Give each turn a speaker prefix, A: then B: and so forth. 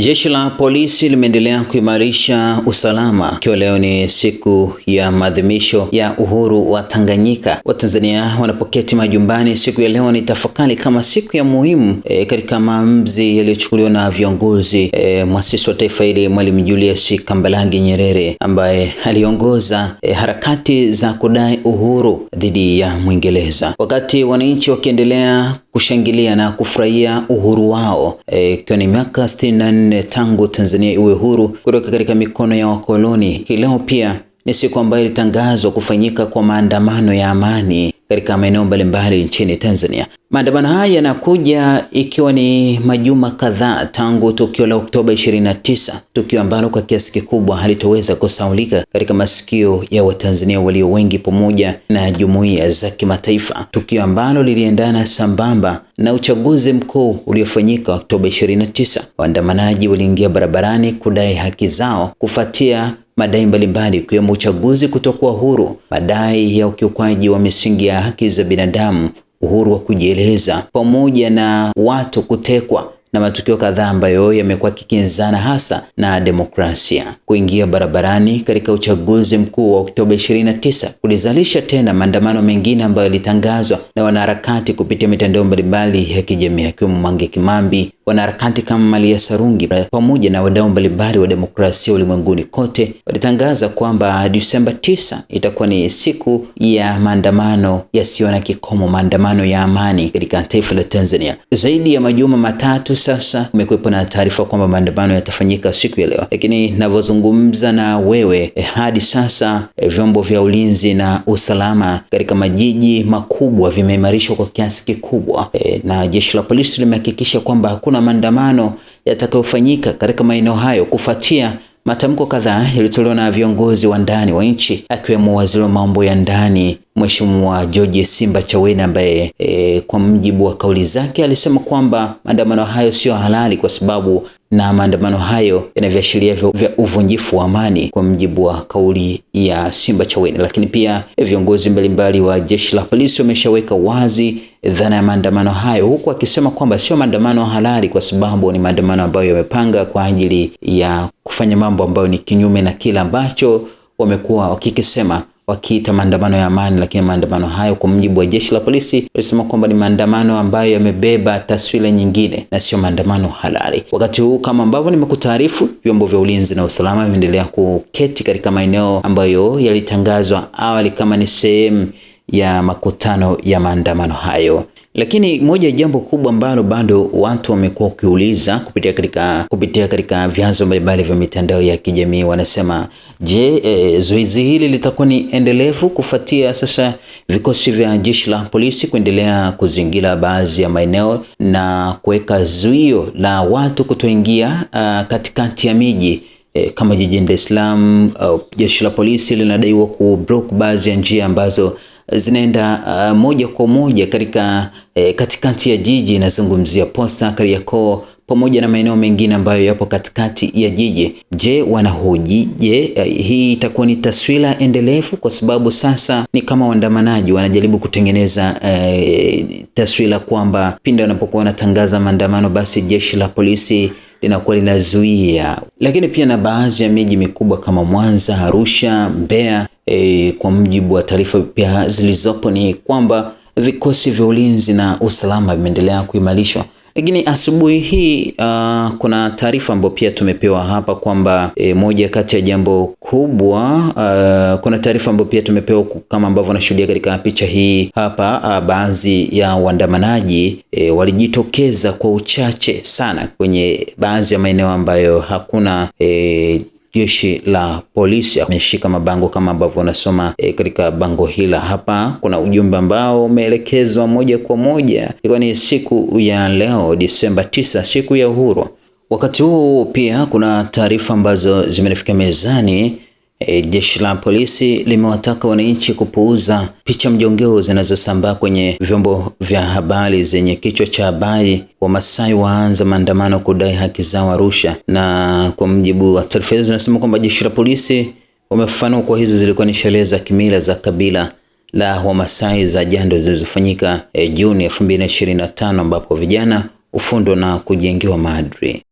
A: Jeshi la polisi limeendelea kuimarisha usalama ikiwa leo ni siku ya maadhimisho ya uhuru wa Tanganyika. Watanzania wanapoketi majumbani siku ya leo ni tafakari kama siku ya muhimu e, katika maamuzi yaliyochukuliwa na viongozi e, mwasisi wa taifa hili Mwalimu Julius Kambarage Nyerere ambaye aliongoza e, harakati za kudai uhuru dhidi ya Mwingereza, wakati wananchi wakiendelea kushangilia na kufurahia uhuru wao e, ikiwa e, ni miaka 64 nne tangu Tanzania iwe huru kutoka katika mikono ya wakoloni. Hii leo pia ni siku ambayo ilitangazwa kufanyika kwa maandamano ya amani katika maeneo mbalimbali nchini Tanzania. Maandamano haya yanakuja ikiwa ni majuma kadhaa tangu tukio la Oktoba 29, tukio ambalo kwa kiasi kikubwa halitoweza kusaulika katika masikio ya Watanzania walio wengi pamoja na jumuiya za kimataifa, tukio ambalo liliendana sambamba na uchaguzi mkuu uliofanyika Oktoba 29. Waandamanaji waliingia barabarani kudai haki zao kufuatia madai mbalimbali ikiwemo uchaguzi kutokuwa huru, madai ya ukiukwaji wa misingi ya haki za binadamu, uhuru wa kujieleza, pamoja na watu kutekwa na matukio kadhaa ambayo yamekuwa kikinzana hasa na demokrasia. Kuingia barabarani katika uchaguzi mkuu wa Oktoba 29 kulizalisha tena maandamano mengine ambayo yalitangazwa na wanaharakati kupitia mitandao mbalimbali ya kijamii akiwemo Mange Kimambi, Wanaharakati kama Malia Sarungi pamoja na wadau mbalimbali wa demokrasia ulimwenguni kote walitangaza kwamba Disemba 9 itakuwa ni siku ya maandamano yasiyo na kikomo, maandamano ya amani katika taifa la Tanzania. Zaidi ya majuma matatu sasa kumekuwepo na taarifa kwamba maandamano yatafanyika siku ya leo, lakini ninavyozungumza na wewe eh, hadi sasa eh, vyombo vya ulinzi na usalama katika majiji makubwa vimeimarishwa kwa kiasi kikubwa eh, na jeshi la polisi limehakikisha kwamba hakuna na maandamano yatakayofanyika katika maeneo hayo kufuatia matamko kadhaa yaliyotolewa na viongozi wa ndani wa nchi akiwemo waziri wa mambo ya ndani Mheshimiwa George Simba Chawene ambaye e, kwa mjibu wa kauli zake alisema kwamba maandamano hayo siyo halali kwa sababu na maandamano hayo yana viashiria vya uvunjifu wa amani kwa mjibu wa kauli ya Simba Chawene. Lakini pia viongozi mbalimbali wa jeshi la polisi wameshaweka wazi dhana ya maandamano hayo, huku akisema kwamba sio maandamano halali kwa sababu ni maandamano ambayo yamepanga kwa ajili ya kufanya mambo ambayo ni kinyume na kile ambacho wamekuwa wakikisema wakiita maandamano ya amani, lakini maandamano hayo kwa mujibu wa jeshi la polisi walisema kwamba ni maandamano ambayo yamebeba taswira nyingine na sio maandamano halali. Wakati huu kama ambavyo nimekutaarifu, vyombo vya ulinzi na usalama vimeendelea kuketi katika maeneo ambayo yalitangazwa awali kama ni sehemu ya makutano ya maandamano hayo. Lakini moja ya jambo kubwa ambalo bado watu wamekuwa wakiuliza kupitia katika kupitia katika vyanzo mbalimbali vya mitandao ya kijamii wanasema, je, e, zoezi hili litakuwa ni endelevu kufuatia sasa vikosi vya jeshi la polisi kuendelea kuzingira baadhi ya maeneo na kuweka zuio la watu kutoingia ah, katikati ya miji e, kama jijini Dar es Salaam, jeshi la polisi linadaiwa kublock baadhi ya njia ambazo zinaenda uh, moja kwa moja katika eh, katikati ya jiji. Inazungumzia Posta, Kariakoo pamoja na maeneo mengine ambayo yapo katikati ya jiji. Je, wanahoji je, uh, hii itakuwa ni taswira endelevu? Kwa sababu sasa ni kama waandamanaji wanajaribu kutengeneza eh, taswira kwamba pindi wanapokuwa wanatangaza maandamano, basi jeshi la polisi linakuwa linazuia, lakini pia na baadhi ya miji mikubwa kama Mwanza, Arusha, Mbeya e, kwa mjibu wa taarifa pia zilizopo ni kwamba vikosi vya ulinzi na usalama vimeendelea kuimarishwa. Lakini asubuhi hii uh, kuna taarifa ambayo pia tumepewa hapa kwamba e, moja kati ya jambo kubwa uh, kuna taarifa ambayo pia tumepewa kama ambavyo unashuhudia katika picha hii hapa uh, baadhi ya waandamanaji e, walijitokeza kwa uchache sana kwenye baadhi ya maeneo ambayo hakuna e, jeshi la polisi ameshika mabango kama ambavyo unasoma e, katika bango hila hapa kuna ujumbe ambao umeelekezwa moja kwa moja, ikiwa ni siku ya leo Disemba 9, siku ya uhuru. Wakati huu pia kuna taarifa ambazo zimenifikia mezani E, jeshi la polisi limewataka wananchi kupuuza picha mjongeo zinazosambaa kwenye vyombo vya habari zenye kichwa cha habari Wamasai waanza maandamano kudai haki zao Arusha. Na kwa mjibu wa taarifa hizo zinasema kwamba jeshi la polisi wamefafanua kuwa hizo zilikuwa ni sherehe za kimila za kabila la Wamasai za jando zilizofanyika e, Juni 2025 ambapo vijana hufundwa na kujengewa maadili.